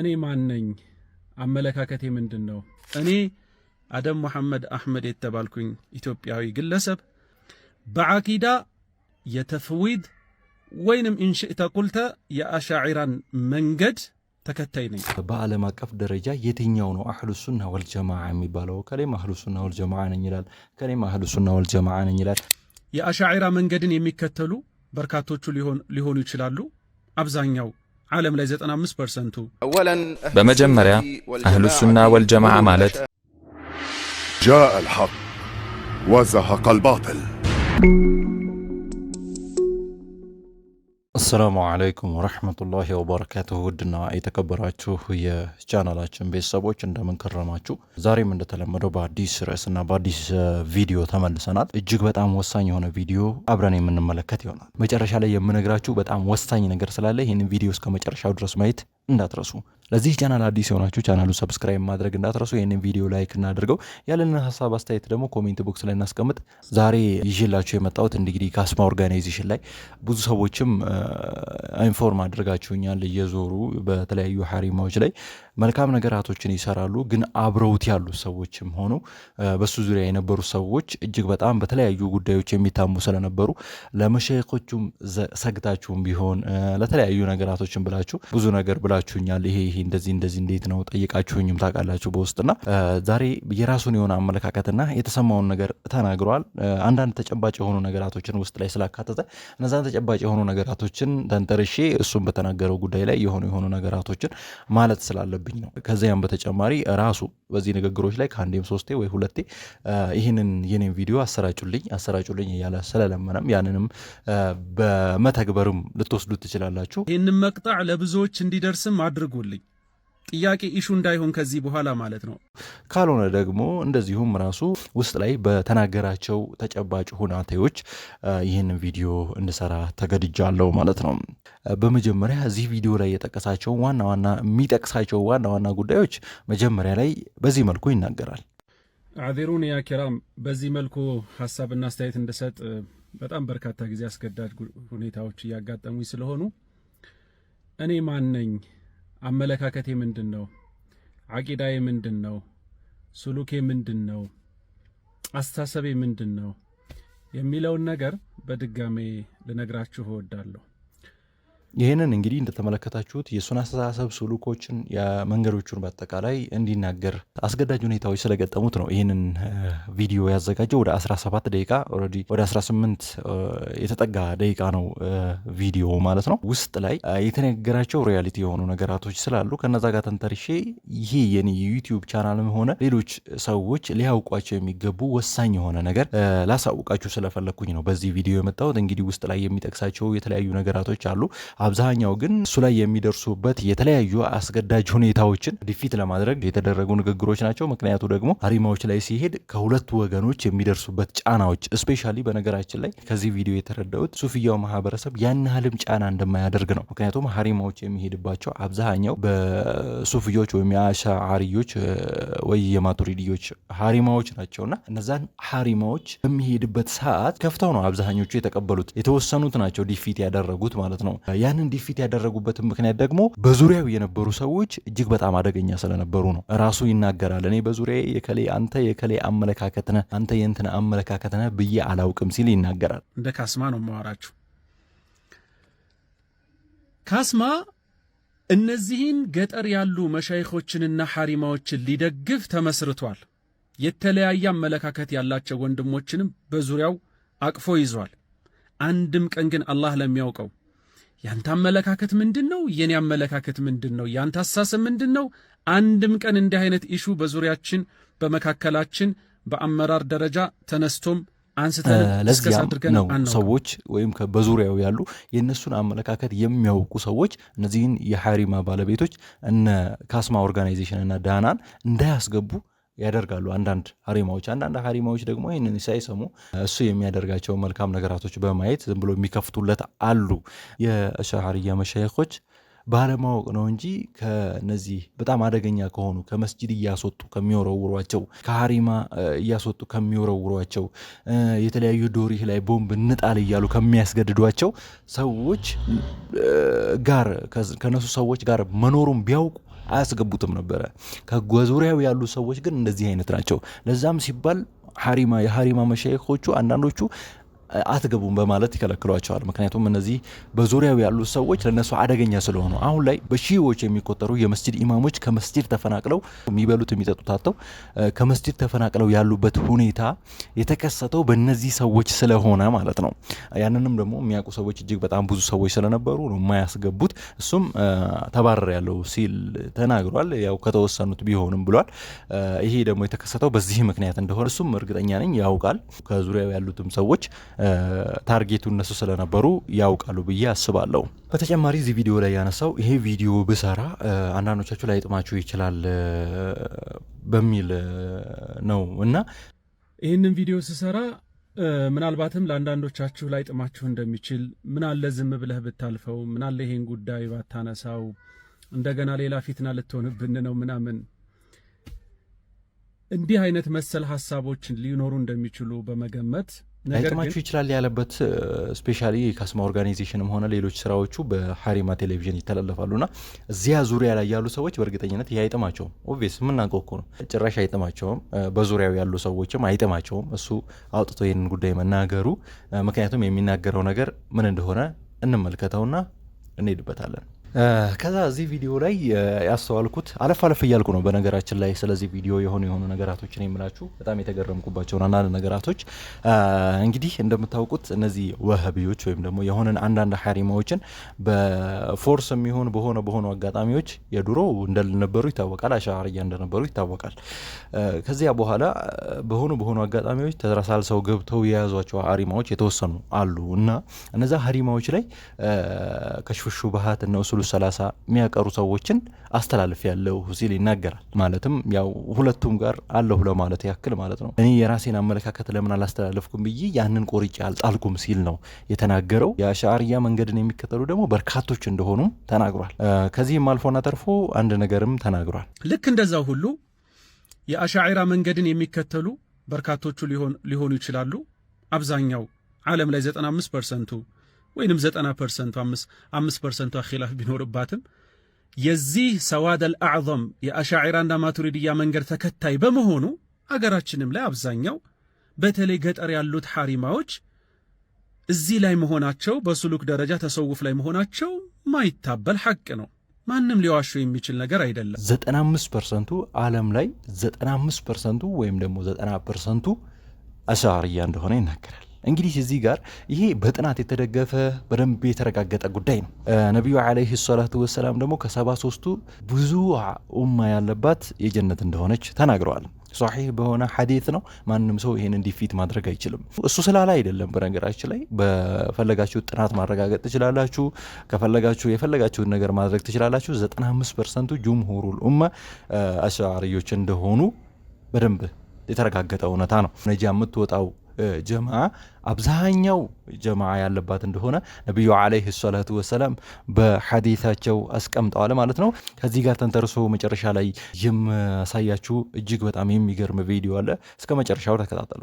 እኔ ማን ነኝ? አመለካከቴ ምንድን ነው? እኔ አደም መሐመድ አህመድ የተባልኩኝ ኢትዮጵያዊ ግለሰብ በዓቂዳ የተፍዊድ ወይንም ኢንሽእተ ቁልተ የአሻዒራን መንገድ ተከታይ ነኝ። በዓለም አቀፍ ደረጃ የትኛው ነው አህሉ ሱና ወልጀማዓ የሚባለው? ከሌም አህሉ ሱና ወልጀማዓ ነኝ ይላል፣ ከሌም አህሉ ሱና ወልጀማዓ ነኝ ይላል። የአሻዒራ መንገድን የሚከተሉ በርካቶቹ ሊሆኑ ይችላሉ። አብዛኛው عالم لا زيت أنا مس برسنتو أولا بمجمريا أهل السنة والجماعة مالت جاء الحق وزهق الباطل አሰላሙ አለይኩም ወረህመቱላሂ ወበረካቱሁ ውድና የተከበራችሁ የቻናላችን ቤተሰቦች እንደምንከረማችሁ፣ ዛሬም እንደተለመደው በአዲስ ርዕስና በአዲስ ቪዲዮ ተመልሰናል። እጅግ በጣም ወሳኝ የሆነ ቪዲዮ አብረን የምንመለከት ይሆናል። መጨረሻ ላይ የምነግራችሁ በጣም ወሳኝ ነገር ስላለ ይህን ቪዲዮ እስከ መጨረሻው ድረስ ማየት እንዳትረሱ። ለዚህ ቻናል አዲስ የሆናችሁ ቻናሉ ሰብስክራይብ ማድረግ እንዳትረሱ። ይህንን ቪዲዮ ላይክ እናድርገው። ያለንን ሀሳብ አስተያየት ደግሞ ኮሜንት ቦክስ ላይ እናስቀምጥ። ዛሬ ይዤላችሁ የመጣሁት እንግዲህ ካስማ ኦርጋናይዜሽን ላይ ብዙ ሰዎችም ኢንፎርም አድርጋችሁኛል እየዞሩ በተለያዩ ሀሪማዎች ላይ መልካም ነገራቶችን ይሰራሉ። ግን አብረውት ያሉ ሰዎችም ሆኑ በሱ ዙሪያ የነበሩ ሰዎች እጅግ በጣም በተለያዩ ጉዳዮች የሚታሙ ስለነበሩ ለመሸኮቹም ሰግታችሁም ቢሆን ለተለያዩ ነገራቶችን ብላችሁ ብዙ ነገር ብላችሁኛል። ይሄ ይሄ እንደዚህ እንደዚህ እንዴት ነው ጠይቃችሁኝም ታውቃላችሁ በውስጥና ዛሬ የራሱን የሆነ አመለካከትና የተሰማውን ነገር ተናግረዋል። አንዳንድ ተጨባጭ የሆኑ ነገራቶችን ውስጥ ላይ ስላካተተ እነዛን ተጨባጭ የሆኑ ነገራቶችን ተንተርሼ እሱም በተናገረው ጉዳይ ላይ የሆኑ የሆኑ ነገራቶችን ማለት ስላለብ እየሆነብኝ ነው። ከዚያም በተጨማሪ ራሱ በዚህ ንግግሮች ላይ ከአንዴም ሶስቴ ወይ ሁለቴ ይህንን የኔም ቪዲዮ አሰራጩልኝ አሰራጩልኝ እያለ ስለለመነም ያንንም በመተግበርም ልትወስዱት ትችላላችሁ። ይህንም መቅጣዕ ለብዙዎች እንዲደርስም አድርጉልኝ። ጥያቄ ኢሹ እንዳይሆን ከዚህ በኋላ ማለት ነው። ካልሆነ ደግሞ እንደዚሁም ራሱ ውስጥ ላይ በተናገራቸው ተጨባጭ ሁናቴዎች ይህን ቪዲዮ እንድሰራ ተገድጃለሁ ማለት ነው። በመጀመሪያ እዚህ ቪዲዮ ላይ የጠቀሳቸው ዋና ዋና የሚጠቅሳቸው ዋና ዋና ጉዳዮች መጀመሪያ ላይ በዚህ መልኩ ይናገራል። አዜሩን ያ ኪራም በዚህ መልኩ ሀሳብና አስተያየት እንድሰጥ በጣም በርካታ ጊዜ አስገዳጅ ሁኔታዎች እያጋጠሙኝ ስለሆኑ እኔ ማን ነኝ አመለካከቴ ምንድን ነው? አቂዳዬ ምንድን ነው? ሱሉኬ ምንድን ነው? አስተሳሰቤ ምንድን ነው የሚለውን ነገር በድጋሜ ልነግራችሁ እወዳለሁ። ይህንን እንግዲህ እንደተመለከታችሁት የእሱን አስተሳሰብ ስሉኮችን የመንገዶቹን በአጠቃላይ እንዲናገር አስገዳጅ ሁኔታዎች ስለገጠሙት ነው ይህንን ቪዲዮ ያዘጋጀው። ወደ 17 ደቂቃ ኦልሬዲ ወደ 18 የተጠጋ ደቂቃ ነው ቪዲዮ ማለት ነው። ውስጥ ላይ የተነገራቸው ሪያሊቲ የሆኑ ነገራቶች ስላሉ ከነዛ ጋር ተንተርሼ ይሄ የኔ የዩቲዩብ ቻናልም ሆነ ሌሎች ሰዎች ሊያውቋቸው የሚገቡ ወሳኝ የሆነ ነገር ላሳውቃችሁ ስለፈለግኩኝ ነው በዚህ ቪዲዮ የመጣሁት። እንግዲህ ውስጥ ላይ የሚጠቅሳቸው የተለያዩ ነገራቶች አሉ። አብዛኛው ግን እሱ ላይ የሚደርሱበት የተለያዩ አስገዳጅ ሁኔታዎችን ዲፊት ለማድረግ የተደረጉ ንግግሮች ናቸው። ምክንያቱ ደግሞ አሪማዎች ላይ ሲሄድ ከሁለቱ ወገኖች የሚደርሱበት ጫናዎች እስፔሻሊ በነገራችን ላይ ከዚህ ቪዲዮ የተረዳሁት ሱፍያው ማህበረሰብ ያን ያህልም ጫና እንደማያደርግ ነው። ምክንያቱም ሀሪማዎች የሚሄድባቸው አብዛኛው በሱፍዮች ወይም የአሻዓሪዮች ወይ የማቱሪዲዮች ሀሪማዎች ናቸውና እነዛን ሀሪማዎች በሚሄድበት ሰዓት ከፍተው ነው አብዛኞቹ የተቀበሉት። የተወሰኑት ናቸው ዲፊት ያደረጉት ማለት ነው። ያንን ዲፊት ያደረጉበትን ምክንያት ደግሞ በዙሪያው የነበሩ ሰዎች እጅግ በጣም አደገኛ ስለነበሩ ነው። ራሱ ይናገራል። እኔ በዙሪያ የከሌ አንተ የከሌ አመለካከት ነህ፣ አንተ የእንትን አመለካከት ነህ ብዬ አላውቅም ሲል ይናገራል። እንደ ካስማ ነው የማወራችሁ። ካስማ እነዚህን ገጠር ያሉ መሻይኾችንና ሐሪማዎችን ሊደግፍ ተመስርቷል። የተለያየ አመለካከት ያላቸው ወንድሞችንም በዙሪያው አቅፎ ይዟል። አንድም ቀን ግን አላህ ለሚያውቀው ያንተ አመለካከት ምንድን ነው? የኔ አመለካከት ምንድን ነው? ያንተ አሳሰብ ምንድን ነው? አንድም ቀን እንዲህ አይነት ኢሹ በዙሪያችን በመካከላችን በአመራር ደረጃ ተነስቶም አንስተን ነው ሰዎች ወይም በዙሪያው ያሉ የእነሱን አመለካከት የሚያውቁ ሰዎች እነዚህን የሐሪማ ባለቤቶች እነ ካስማ ኦርጋናይዜሽን እና ዳናን እንዳያስገቡ ያደርጋሉ አንዳንድ ሀሪማዎች። አንዳንድ ሀሪማዎች ደግሞ ይህንን ሳይሰሙ እሱ የሚያደርጋቸው መልካም ነገራቶች በማየት ዝም ብሎ የሚከፍቱለት አሉ። የአሻዕርያ መሻይኮች ባለማወቅ ነው እንጂ ከነዚህ በጣም አደገኛ ከሆኑ ከመስጂድ እያስወጡ ከሚወረውሯቸው ከሀሪማ እያስወጡ ከሚወረውሯቸው የተለያዩ ዶሪህ ላይ ቦምብ እንጣል እያሉ ከሚያስገድዷቸው ሰዎች ጋር ከነሱ ሰዎች ጋር መኖሩን ቢያውቁ አያስገቡትም ነበረ። ከጓዙሪያው ያሉ ሰዎች ግን እንደዚህ አይነት ናቸው። ለዛም ሲባል ሀሪማ የሀሪማ መሻይኮቹ አንዳንዶቹ አትገቡም በማለት ይከለክሏቸዋል። ምክንያቱም እነዚህ በዙሪያው ያሉ ሰዎች ለነሱ አደገኛ ስለሆኑ አሁን ላይ በሺዎች የሚቆጠሩ የመስጂድ ኢማሞች ከመስጂድ ተፈናቅለው የሚበሉት የሚጠጡት አጥተው ከመስጂድ ተፈናቅለው ያሉበት ሁኔታ የተከሰተው በእነዚህ ሰዎች ስለሆነ ማለት ነው። ያንንም ደግሞ የሚያውቁ ሰዎች እጅግ በጣም ብዙ ሰዎች ስለነበሩ ነው የማያስገቡት። እሱም ተባረር ያለው ሲል ተናግሯል። ያው ከተወሰኑት ቢሆንም ብሏል። ይሄ ደግሞ የተከሰተው በዚህ ምክንያት እንደሆነ እሱም እርግጠኛ ነኝ ያውቃል። ከዙሪያው ያሉትም ሰዎች ታርጌቱ እነሱ ስለነበሩ ያውቃሉ ብዬ አስባለሁ። በተጨማሪ እዚህ ቪዲዮ ላይ ያነሳው ይሄ ቪዲዮ ብሰራ አንዳንዶቻችሁ ላይጥማችሁ ይችላል በሚል ነው እና ይህንን ቪዲዮ ስሰራ ምናልባትም ለአንዳንዶቻችሁ ላይጥማችሁ እንደሚችል ምናለ ዝም ብለህ ብታልፈው፣ ምናለ ይሄን ጉዳይ ባታነሳው እንደገና ሌላ ፊትና ልትሆንብን ነው ምናምን እንዲህ አይነት መሰል ሀሳቦች ሊኖሩ እንደሚችሉ በመገመት ላይጥማችሁ ይችላል ያለበት ስፔሻሊ የካስማ ኦርጋናይዜሽንም ሆነ ሌሎች ስራዎቹ በሀሪማ ቴሌቪዥን ይተላለፋሉና እዚያ ዙሪያ ላይ ያሉ ሰዎች በእርግጠኝነት ይህ አይጥማቸውም። ኦብቪየስ የምናውቀው እኮ ነው። ጭራሽ አይጥማቸውም። በዙሪያው ያሉ ሰዎችም አይጥማቸውም እሱ አውጥቶ ይህንን ጉዳይ መናገሩ። ምክንያቱም የሚናገረው ነገር ምን እንደሆነ እንመልከተውና እንሄድበታለን። ከዛ እዚህ ቪዲዮ ላይ ያስተዋልኩት አለፍ አለፍ እያልኩ ነው በነገራችን ላይ ስለዚህ ቪዲዮ የሆኑ የሆኑ ነገራቶችን የምላችሁ በጣም የተገረምኩባቸውን አንዳንድ ነገራቶች። እንግዲህ እንደምታውቁት እነዚህ ወህቢዎች ወይም ደግሞ የሆነን አንዳንድ ሀሪማዎችን በፎርስ የሚሆን በሆነ በሆኑ አጋጣሚዎች የድሮ እንደነበሩ ይታወቃል፣ አሻርያ እንደነበሩ ይታወቃል። ከዚያ በኋላ በሆኑ በሆኑ አጋጣሚዎች ተሳልሰው ገብተው የያዟቸው ሀሪማዎች የተወሰኑ አሉ እና እነዚ ሀሪማዎች ላይ ከሽፍሹ ባህት እነሱ በክሉስ ሰላሳ የሚያቀሩ ሰዎችን አስተላልፍ ያለው ሲል ይናገራል። ማለትም ያው ሁለቱም ጋር አለሁ ለማለት ያክል ማለት ነው። እኔ የራሴን አመለካከት ለምን አላስተላለፍኩም ብዬ ያንን ቆርጬ አልጣልኩም ሲል ነው የተናገረው። የአሻርያ መንገድን የሚከተሉ ደግሞ በርካቶች እንደሆኑም ተናግሯል። ከዚህም አልፎና ተርፎ አንድ ነገርም ተናግሯል። ልክ እንደዛው ሁሉ የአሻዒራ መንገድን የሚከተሉ በርካቶቹ ሊሆኑ ይችላሉ። አብዛኛው ዓለም ላይ 95 ፐርሰንቱ ወይንም 90 ፐርሰንቱ 5 ፐርሰንቷ ኺላፍ ቢኖርባትም የዚህ ሰዋድ አልአዕዘም የአሻዒራና ማቱሪድያ መንገድ ተከታይ በመሆኑ አገራችንም ላይ አብዛኛው በተለይ ገጠር ያሉት ሐሪማዎች እዚህ ላይ መሆናቸው በሱሉክ ደረጃ ተሰውፍ ላይ መሆናቸው ማይታበል ሐቅ ነው። ማንም ሊዋሹ የሚችል ነገር አይደለም። 95 ፐርሰንቱ ዓለም ላይ 95 ፐርሰንቱ ወይም ደግሞ 90 ፐርሰንቱ አሻዕርያ እንደሆነ ይናገራል። እንግዲህ እዚህ ጋር ይሄ በጥናት የተደገፈ በደንብ የተረጋገጠ ጉዳይ ነው። ነቢዩ ዓለይሂ ሰላቱ ወሰላም ደግሞ ከሰባ ሶስቱ ብዙ ኡማ ያለባት የጀነት እንደሆነች ተናግረዋል። ሶሒህ በሆነ ሐዲት ነው። ማንም ሰው ይሄን እንዲፊት ማድረግ አይችልም። እሱ ስላለ አይደለም። በነገራችን ላይ በፈለጋችሁ ጥናት ማረጋገጥ ትችላላችሁ። ከፈለጋችሁ የፈለጋችሁን ነገር ማድረግ ትችላላችሁ። 95 ፐርሰንቱ ጅምሁሩል ኡማ አሽዓሪዮች እንደሆኑ በደንብ የተረጋገጠ እውነታ ነው። ነጃ የምትወጣው ጀማ አብዛኛው ጀማ ያለባት እንደሆነ ነቢዩ ዓለይሂ ሰላቱ ወሰላም በሐዲታቸው አስቀምጠዋል ማለት ነው። ከዚህ ጋር ተንተርሶ መጨረሻ ላይ የማሳያችሁ እጅግ በጣም የሚገርም ቪዲዮ አለ። እስከ መጨረሻው ተከታተሉ።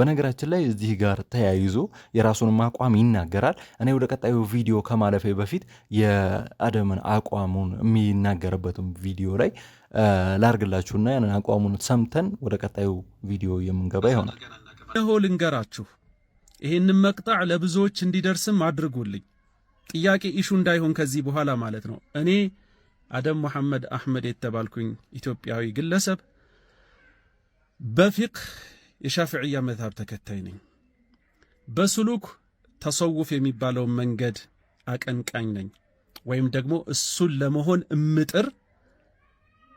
በነገራችን ላይ እዚህ ጋር ተያይዞ የራሱንም አቋም ይናገራል። እኔ ወደ ቀጣዩ ቪዲዮ ከማለፌ በፊት የአደምን አቋሙን የሚናገርበትም ቪዲዮ ላይ ላርግላችሁና ያንን አቋሙን ሰምተን ወደ ቀጣዩ ቪዲዮ የምንገባ ይሆናል። እነሆ ልንገራችሁ፣ ይሄንን መቅጣዕ ለብዙዎች እንዲደርስም አድርጉልኝ። ጥያቄ ኢሹ እንዳይሆን ከዚህ በኋላ ማለት ነው። እኔ አደም መሐመድ አህመድ የተባልኩኝ ኢትዮጵያዊ ግለሰብ በፊቅህ የሻፍዕያ መዝሃብ ተከታይ ነኝ። በስሉክ ተሰውፍ የሚባለውን መንገድ አቀንቃኝ ነኝ፣ ወይም ደግሞ እሱን ለመሆን እምጥር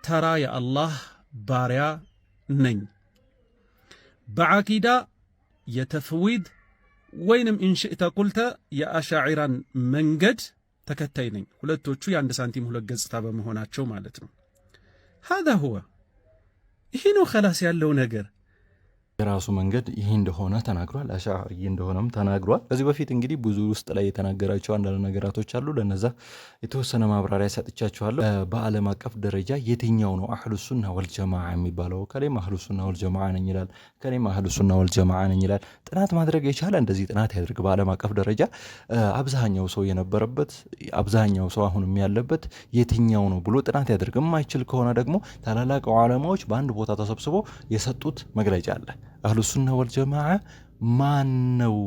ተራ የአላህ ባሪያ ነኝ። በዓቂዳ የተፍዊድ ወይንም ኢንሽእተ ቁልተ የአሻዒራን መንገድ ተከታይ ነኝ። ሁለቶቹ የአንድ ሳንቲም ሁለት ገጽታ በመሆናቸው ማለት ነው። ሀዛ ሁወ ይሄ ነው ከላስ ያለው ነገር የራሱ መንገድ ይሄ እንደሆነ ተናግሯል። አሻሪ እንደሆነም ተናግሯል። ከዚህ በፊት እንግዲህ ብዙ ውስጥ ላይ የተናገራቸው አንዳንድ ነገራቶች አሉ። ለነዛ የተወሰነ ማብራሪያ ሰጥቻችኋለሁ። በዓለም አቀፍ ደረጃ የትኛው ነው አህሉሱና ወልጀማ የሚባለው? ከሌም አህሉሱና ወልጀማ ነኝ ይላል፣ ከሌም አህሉሱና ወልጀማ ነኝ ይላል። ጥናት ማድረግ የቻለ እንደዚህ ጥናት ያድርግ። በዓለም አቀፍ ደረጃ አብዛኛው ሰው የነበረበት አብዛኛው ሰው አሁንም ያለበት የትኛው ነው ብሎ ጥናት ያድርግ። የማይችል ከሆነ ደግሞ ታላላቅ ዑለማዎች በአንድ ቦታ ተሰብስቦ የሰጡት መግለጫ አለ። አህሉ ወል ወልጀማዓ ማን ነው?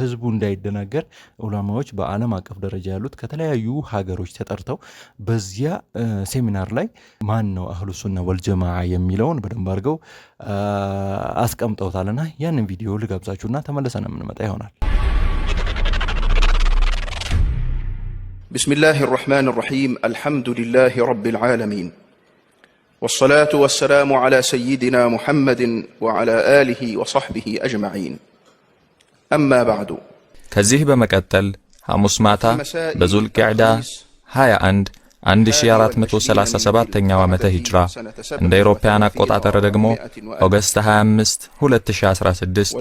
ህዝቡ እንዳይደናገር ዑለማዎች በዓለም አቀፍ ደረጃ ያሉት ከተለያዩ ሀገሮች ተጠርተው በዚያ ሴሚናር ላይ ማን ነው ወል ወልጀማዓ የሚለውን በደንብ አድርገው አስቀምጠውታልና ያንን ቪዲዮ ልጋብዛችሁና ተመለሰን የምንመጣ ይሆናል። ብስሚላህ አራሕማን አራሒም አልሐምዱሊላህ ረቢል ዓለሚን والصلاة والسلام على سيدنا محمد وعلى آله وصحبه أجمعين أما بعد كزيه بمكتل ሐሙስ ማታ በዙልቅዕዳ 21 1437ኛው ዓመተ ሂጅራ እንደ አውሮፓውያን አቆጣጠር ደግሞ ኦገስት 25 2016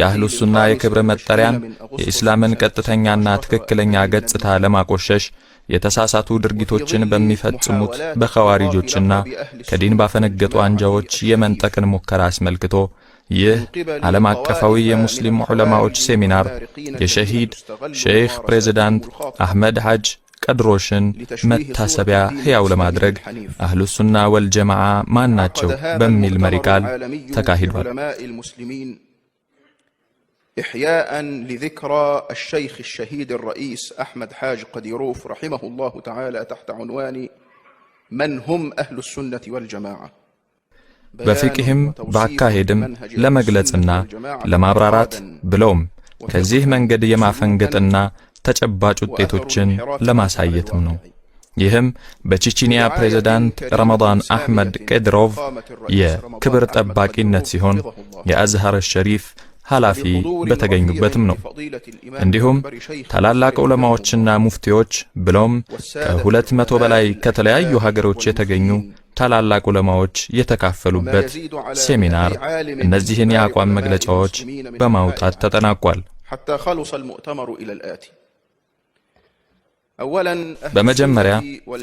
የአህሉ ሱና የክብር መጠሪያን የኢስላምን ቀጥተኛና ትክክለኛ ገጽታ ለማቆሸሽ የተሳሳቱ ድርጊቶችን በሚፈጽሙት በኸዋሪጆችና ከዲን ባፈነገጡ አንጃዎች የመንጠቅን ሙከራ አስመልክቶ ይህ ዓለም አቀፋዊ የሙስሊም ዑለማዎች ሴሚናር የሸሂድ ሼይኽ ፕሬዚዳንት አሕመድ ሐጅ ቀድሮሽን መታሰቢያ ሕያው ለማድረግ አህሉ ሱና ወልጀማዓ ማን ናቸው በሚል መሪ ቃል ተካሂዷል። إحياء لذكرى الشيخ الشهيد الرئيس أحمد حاج قديروف رحمه الله تعالى تحت عنوان من هم أهل السنة والجماعة بفكهم بعكاهدم لما قلتنا لما برارات بلوم كزيه من قد يما فنقتنا تجباج التيتوجن لما سايتمنو يهم بتشيشينيا بريزيدنت رمضان أحمد كدروف يا كبرت أباك إن يا أزهر الشريف ኃላፊ በተገኙበትም ነው። እንዲሁም ታላላቅ ዑለማዎችና ሙፍቲዎች ብሎም ከሁለት መቶ በላይ ከተለያዩ ሀገሮች የተገኙ ታላላቅ ዑለማዎች የተካፈሉበት ሴሚናር እነዚህን የአቋም መግለጫዎች በማውጣት ተጠናቋል። በመጀመሪያ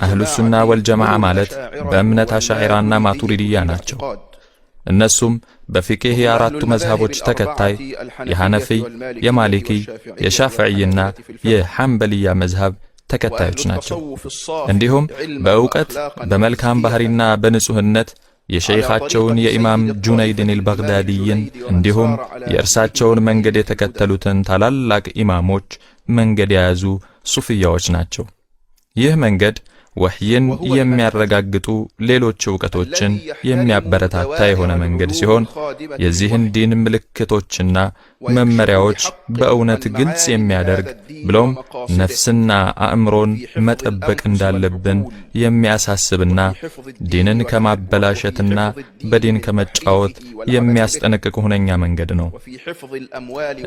አህሉ ሱና ወልጀማዓ ማለት በእምነት አሻዒራና ማቱሪድያ ናቸው። እነሱም በፊቅህ የአራቱ መዝሃቦች ተከታይ የሐነፊይ፣ የማሊኪ፣ የሻፍዕይና የሐንበልያ መዝሃብ ተከታዮች ናቸው። እንዲሁም በእውቀት በመልካም ባህሪና በንጹህነት የሸይኻቸውን የኢማም ጁነይድን አልባግዳዲይን እንዲሁም የእርሳቸውን መንገድ የተከተሉትን ታላላቅ ኢማሞች መንገድ የያዙ ሱፍያዎች ናቸው። ይህ መንገድ ወህይን የሚያረጋግጡ ሌሎች እውቀቶችን የሚያበረታታ የሆነ መንገድ ሲሆን የዚህን ዲን ምልክቶችና መመሪያዎች በእውነት ግልጽ የሚያደርግ ብሎም ነፍስና አእምሮን መጠበቅ እንዳለብን የሚያሳስብና ዲንን ከማበላሸትና በዲን ከመጫወት የሚያስጠነቅቅ ሁነኛ መንገድ ነው።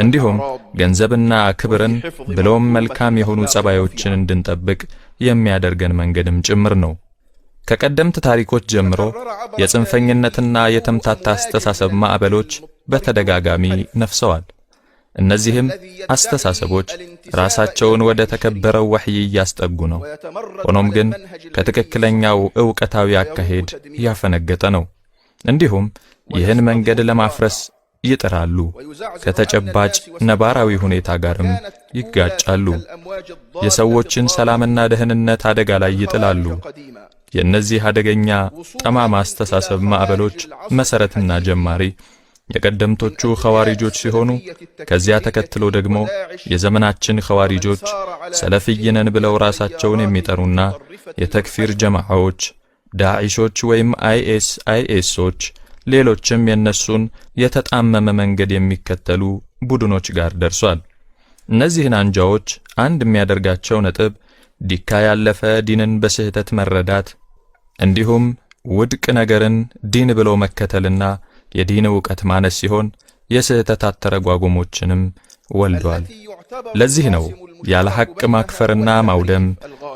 እንዲሁም ገንዘብና ክብርን ብሎም መልካም የሆኑ ጸባዮችን እንድንጠብቅ የሚያደርገን መንገድም ጭምር ነው። ከቀደምት ታሪኮች ጀምሮ የጽንፈኝነትና የተምታታ አስተሳሰብ ማዕበሎች በተደጋጋሚ ነፍሰዋል። እነዚህም አስተሳሰቦች ራሳቸውን ወደ ተከበረው ወሕይ እያስጠጉ ነው። ሆኖም ግን ከትክክለኛው ዕውቀታዊ አካሄድ ያፈነገጠ ነው። እንዲሁም ይህን መንገድ ለማፍረስ ይጥራሉ፣ ከተጨባጭ ነባራዊ ሁኔታ ጋርም ይጋጫሉ፣ የሰዎችን ሰላምና ደህንነት አደጋ ላይ ይጥላሉ። የእነዚህ አደገኛ ጠማማ አስተሳሰብ ማዕበሎች መሠረትና ጀማሪ የቀደምቶቹ ኸዋሪጆች ሲሆኑ ከዚያ ተከትሎ ደግሞ የዘመናችን ኸዋሪጆች ሰለፍይነን ብለው ራሳቸውን የሚጠሩና የተክፊር ጀማዓዎች ዳዕሾች ወይም አይኤስ አይኤሶች ሌሎችም የእነሱን የተጣመመ መንገድ የሚከተሉ ቡድኖች ጋር ደርሷል። እነዚህን አንጃዎች አንድ የሚያደርጋቸው ነጥብ ዲካ ያለፈ ዲንን በስህተት መረዳት እንዲሁም ውድቅ ነገርን ዲን ብሎ መከተልና የዲን ዕውቀት ማነስ ሲሆን የስህተት አተረጓጉሞችንም ወልዷል። ለዚህ ነው ያለ ሐቅ ማክፈርና ማውደም፣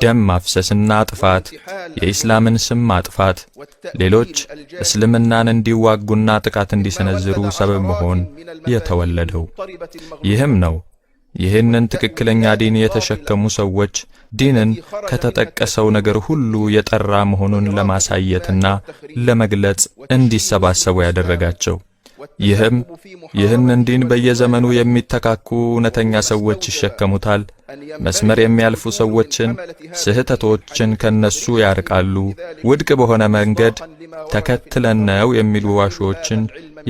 ደም ማፍሰስና ጥፋት፣ የኢስላምን ስም ማጥፋት፣ ሌሎች እስልምናን እንዲዋጉና ጥቃት እንዲሰነዝሩ ሰበብ መሆን የተወለደው። ይህም ነው ይህንን ትክክለኛ ዲን የተሸከሙ ሰዎች ዲንን ከተጠቀሰው ነገር ሁሉ የጠራ መሆኑን ለማሳየትና ለመግለጽ እንዲሰባሰቡ ያደረጋቸው። ይህም ይህንን ዲን በየዘመኑ የሚተካኩ እውነተኛ ሰዎች ይሸከሙታል። መስመር የሚያልፉ ሰዎችን፣ ስህተቶችን ከነሱ ያርቃሉ። ውድቅ በሆነ መንገድ ተከትለን ነው የሚሉ ዋሾችን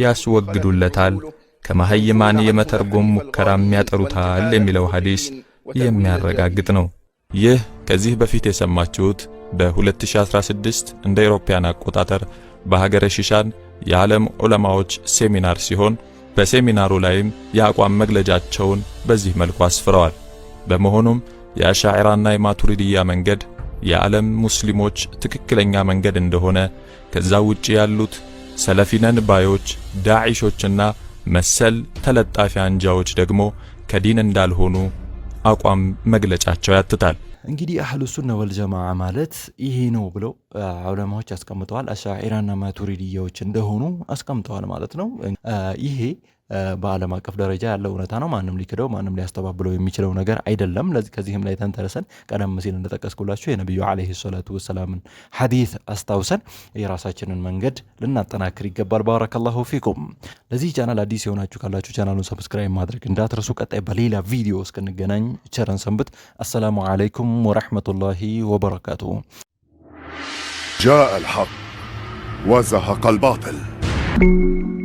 ያስወግዱለታል። ከመሐይማን የመተርጎም ሙከራም ያጠሩታል የሚለው ሐዲስ የሚያረጋግጥ ነው። ይህ ከዚህ በፊት የሰማችሁት በ2016 እንደ አውሮፓውያን አቆጣጠር በሀገረ ሽሻን የዓለም ዑለማዎች ሴሚናር ሲሆን በሴሚናሩ ላይም የአቋም መግለጫቸውን በዚህ መልኩ አስፍረዋል። በመሆኑም የአሻዕራና የማቱሪድያ መንገድ የዓለም ሙስሊሞች ትክክለኛ መንገድ እንደሆነ ከዛ ውጪ ያሉት ሰለፊነን ባዮች፣ ዳዒሾችና መሰል ተለጣፊ አንጃዎች ደግሞ ከዲን እንዳልሆኑ አቋም መግለጫቸው ያትታል። እንግዲህ አህሉ ሱና ወልጀማ ማለት ይሄ ነው ብለው ዑለማዎች አስቀምጠዋል። አሻኢራና ማቱሪድያዎች እንደሆኑ አስቀምጠዋል ማለት ነው። ይሄ በአለም አቀፍ ደረጃ ያለው እውነታ ነው። ማንም ሊክደው ማንም ሊያስተባብለው የሚችለው ነገር አይደለም። ለዚህ ከዚህም ላይ ተንተርሰን ቀደም ሲል እንደጠቀስኩላችሁ የነቢዩ አለይሂ ሰላቱ ወሰላምን ሐዲስ አስታውሰን የራሳችንን መንገድ ልናጠናክር ይገባል። ባረከላሁ ፊኩም። ለዚህ ቻናል አዲስ የሆናችሁ ካላችሁ ቻናሉን ሰብስክራይብ ማድረግ እንዳትረሱ። ቀጣይ በሌላ ቪዲዮ እስክንገናኝ ቸረን ሰንብት። አሰላሙ አለይኩም ወረህመቱላሂ ወበረካቱ። جاء الحق وزهق الباطل